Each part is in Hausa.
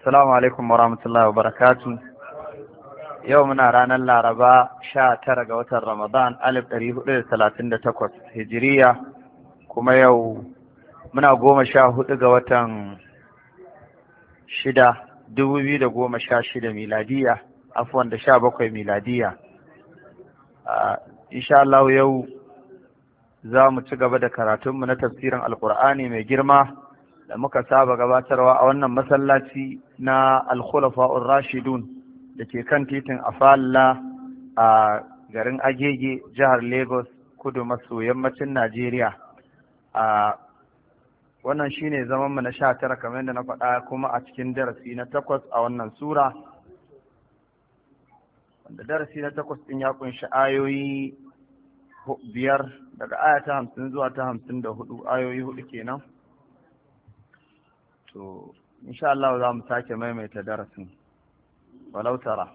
Assalamu alaikum wa rahmatullahi wa barakatu. Yau muna ranar Laraba sha tara ga watan Ramadan alif ɗari hudu da talatin da takwas Hijiriya kuma yau muna goma sha hudu ga watan shida dubu biyu da goma sha shida miladiya afuwan da sha bakwai miladiya. Insha Allah yau za mu ci gaba da karatunmu na tafsirin Alƙur'ani mai girma. da muka saba gabatarwa a wannan masallaci na alkhulafa'ur rashidun da ke kan titin afalla a garin agege jihar lagos kudu maso yammacin najeriya a wannan shine zaman mu na sha tara kamar yadda na faɗa kuma a cikin darasi na takwas a wannan sura wanda darasi na takwas ɗin ya kunshi ayoyi biyar daga aya ta hamsin zuwa ta hamsin da hudu ayoyi hudu kenan to insha Allah za mu sake maimaita darasin walau tara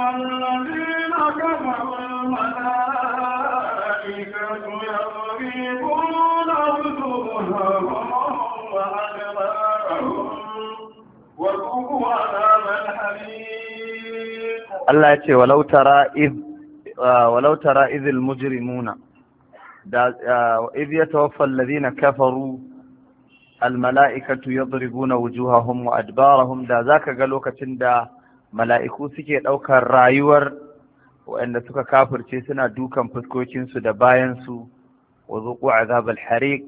وَالْمَلَائِكَةُ يَضْرِبُونَ وَجُوهَهُمْ وَأَدْبَارَهُمْ وَالْقُوَّةَ Allah ya ce walau tara ah, izil mujrimuna da ah, yatawaffa alladhina kafaru almala'ikatu yadribuna wujuhahum wa adbarahum da zaka ga lokacin da mala'iku suke ɗaukar rayuwar waɗanda suka kafirce suna dukan fuskokinsu da bayansu wa zuku azabal hariq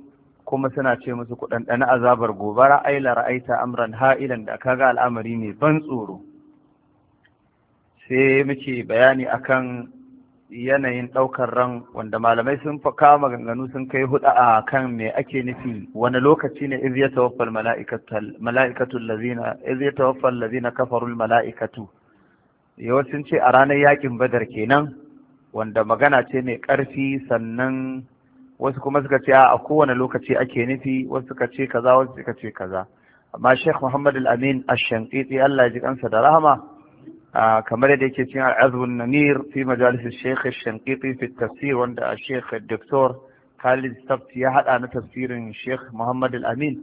kuma suna ce musu kuɗanɗana ɗanɗana azabar gobara ai la ra'aita amran ha'ilan da ga al'amari mai ban tsoro sai muke bayani akan yanayin ɗaukar ran wanda malamai sun kama maganganu sun kai huɗu a kan me ake nufi wani lokaci ne iz ya tawaffal mala'ikatu lazina iz ya tawaffal lazina kafarul mala'ikatu yawan eh, sun ce a ranar yakin badar kenan wanda magana ce mai ƙarfi sannan wasu kuma suka ce a kowane lokaci ake nufi wasu suka ce kaza wasu suka ce kaza amma sheikh muhammad al-amin ash Allah ya ji kansa da rahama Ah, kamar yadda yake cikin al'azbun namir fi majalisar shekh shankiti fi tafsir wanda a shekh doktor khalid sabt ya haɗa na tafsirin shekh muhammad al-amin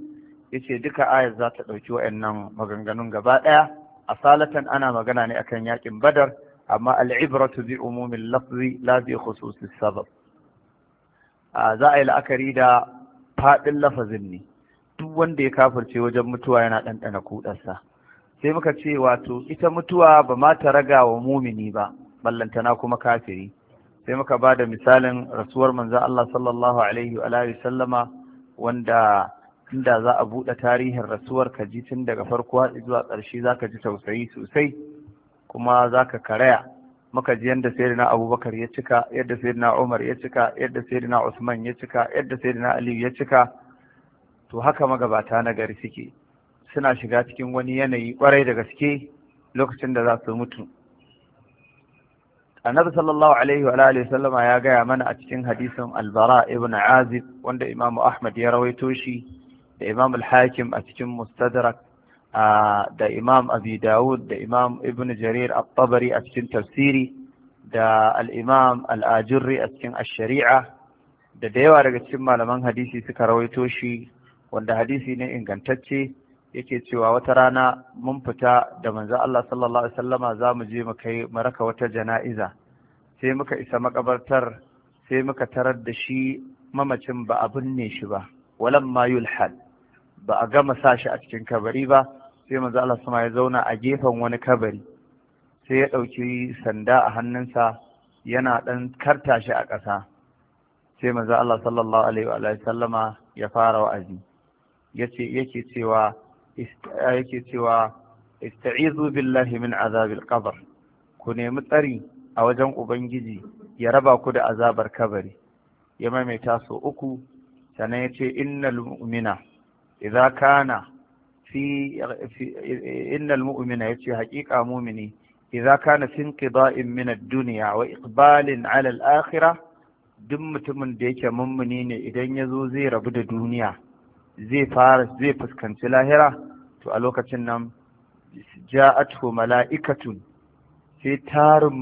ya ce duka ayar za ta ɗauki wa'annan maganganun gaba ɗaya a salatan ana magana ne akan yakin badar amma al'ibratu bi umumin lafzi la bi sabab ah, za a yi la'akari da faɗin lafazin ne duk wanda ya kafirce wajen mutuwa yana ɗanɗana kuɗarsa sai muka ce wato ita mutuwa ba ma ta raga wa mumini ba ballantana kuma kafiri sai muka ba da misalin rasuwar manzo Allah sallallahu alaihi wa sallama wanda inda za a buɗe tarihin rasuwar ka ji tun daga farko har zuwa ƙarshe ka ji tausayi sosai kuma za ka karaya muka ji yadda sayyidina Abubakar ya cika yadda sayyidina Umar ya cika yadda sayyidina Usman ya cika yadda sayyidina Aliyu ya cika to haka magabata na gari suke suna shiga cikin wani yanayi kwarai da gaske lokacin da za su mutu annabi sallallahu alaihi wa alihi sallama ya gaya mana a cikin hadisin albara ibn azib wanda imam ahmad ya rawaito shi da imam al-hakim a cikin mustadrak da imam abi dawud da imam ibn jarir at-tabari a cikin tafsiri da al-imam al-ajurri a cikin ash-shari'a da da yawa daga cikin malaman hadisi suka rawaito shi wanda hadisi ne ingantacce yake cewa wata rana mun fita da manzo Allah sallallahu alaihi wasallama za mu je mu kai maraka wata jana'iza sai muka isa makabartar sai muka tarar da shi mamacin ba a binne shi ba walam ma yulhal ba a gama sa shi a cikin kabari ba sai manzo Allah sama ya zauna a gefen wani kabari sai ya ɗauki sanda a hannunsa yana ɗan karta shi a ƙasa sai manzo Allah sallallahu alaihi wa sallama ya fara wa'azi yace yake cewa yake cewa ista'izu billahi min azabil qabr ku nemi tsari a wajen ubangiji ya raba ku da azabar kabari ya maimaita so uku sannan ya innal mu'mina idza kana fi innal mu'mina yace haqiqa mu'mini idza kana fi inqida'in min ad-dunya wa iqbalin 'ala al-akhirah duk mutumin da yake mummuni ne idan ya zo zai rabu da duniya zai fara zai fuskanci lahira to a lokacin nan ja'atu mala'ikatun sai tarin